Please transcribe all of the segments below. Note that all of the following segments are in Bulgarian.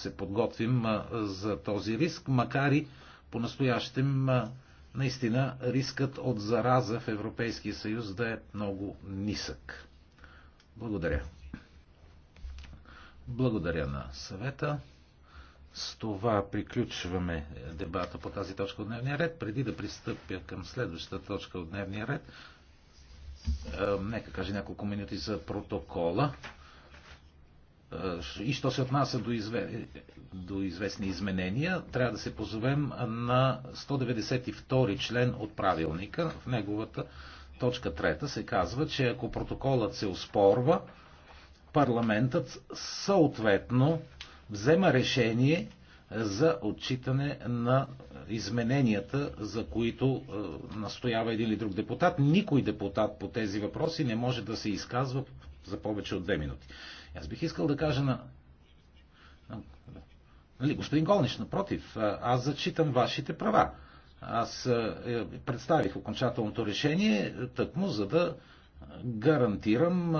се подготвим за този риск, макар и по-настоящем наистина рискът от зараза в Европейския съюз да е много нисък. Благодаря. Благодаря на съвета. С това приключваме дебата по тази точка от дневния ред. Преди да пристъпя към следващата точка от дневния ред, нека кажа няколко минути за протокола. Е, и що се отнася до, изве... до известни изменения, трябва да се позовем на 192 член от правилника. В неговата точка 3 се казва, че ако протоколът се оспорва, парламентът съответно взема решение за отчитане на измененията, за които е, настоява един или друг депутат. Никой депутат по тези въпроси не може да се изказва за повече от две минути. Аз бих искал да кажа на. Нали, господин Голниш, напротив, е, аз зачитам вашите права. Аз е, представих окончателното решение тъкмо, за да гарантирам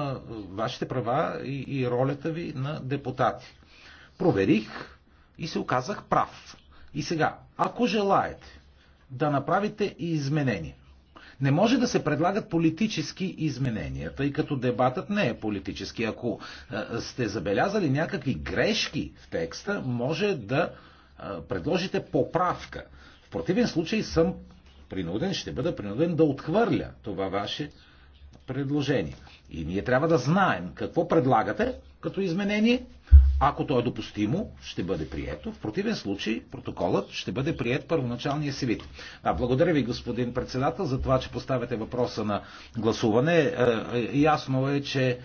вашите права и, и ролята ви на депутати. Проверих и се оказах прав. И сега, ако желаете да направите и изменения, не може да се предлагат политически изменения, тъй като дебатът не е политически. Ако е, сте забелязали някакви грешки в текста, може да е, предложите поправка. В противен случай съм принуден, ще бъда принуден да отхвърля това ваше предложение. И ние трябва да знаем какво предлагате като изменение ако то е допустимо, ще бъде прието. В противен случай протоколът ще бъде прият първоначалния си вид. А, благодаря ви, господин председател, за това, че поставяте въпроса на гласуване. Е, е, ясно е, че е,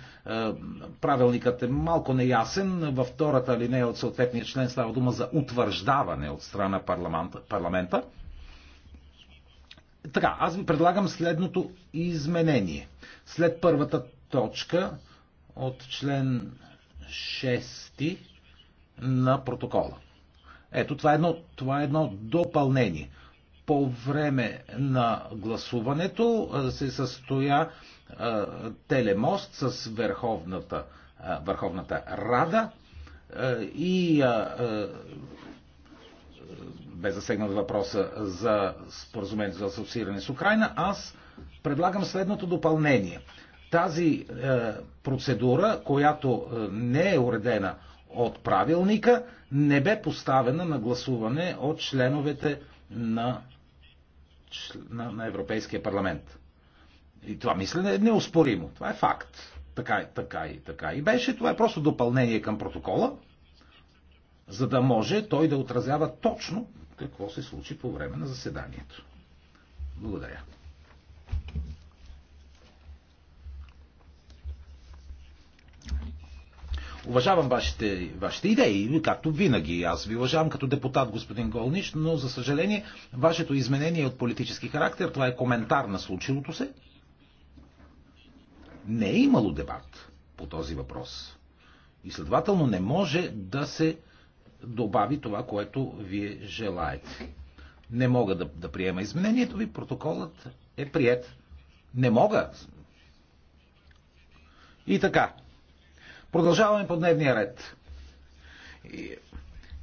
правилникът е малко неясен. Във втората линия от съответния член става дума за утвърждаване от страна парламента. парламента. Така, аз ви предлагам следното изменение. След първата точка от член 6 на протокола. Ето, това е едно, това е едно допълнение. По време на гласуването се състоя телемост с Върховната, Върховната Рада и бе засегнат въпроса за споразумението за асоцииране с Украина, аз предлагам следното допълнение – тази е, процедура, която е, не е уредена от правилника, не бе поставена на гласуване от членовете на, на, на Европейския парламент. И това, мисля, е неоспоримо. Това е факт. Така, така и така. И беше, това е просто допълнение към протокола, за да може той да отразява точно какво се случи по време на заседанието. Благодаря. Уважавам вашите, вашите идеи, както винаги. Аз ви уважавам като депутат, господин Голниш, но за съжаление вашето изменение е от политически характер. Това е коментар на случилото се. Не е имало дебат по този въпрос. И следователно не може да се добави това, което вие желаете. Не мога да, да приема изменението ви, протоколът е прият. Не мога. И така, Продължаваме по дневния ред.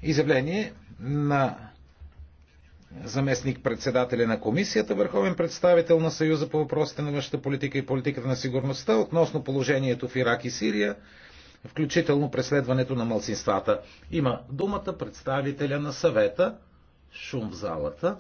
Изявление на заместник председателя на комисията, върховен представител на Съюза по въпросите на външната политика и политиката на сигурността относно положението в Ирак и Сирия, включително преследването на мълцинствата. Има думата представителя на съвета, шум в залата.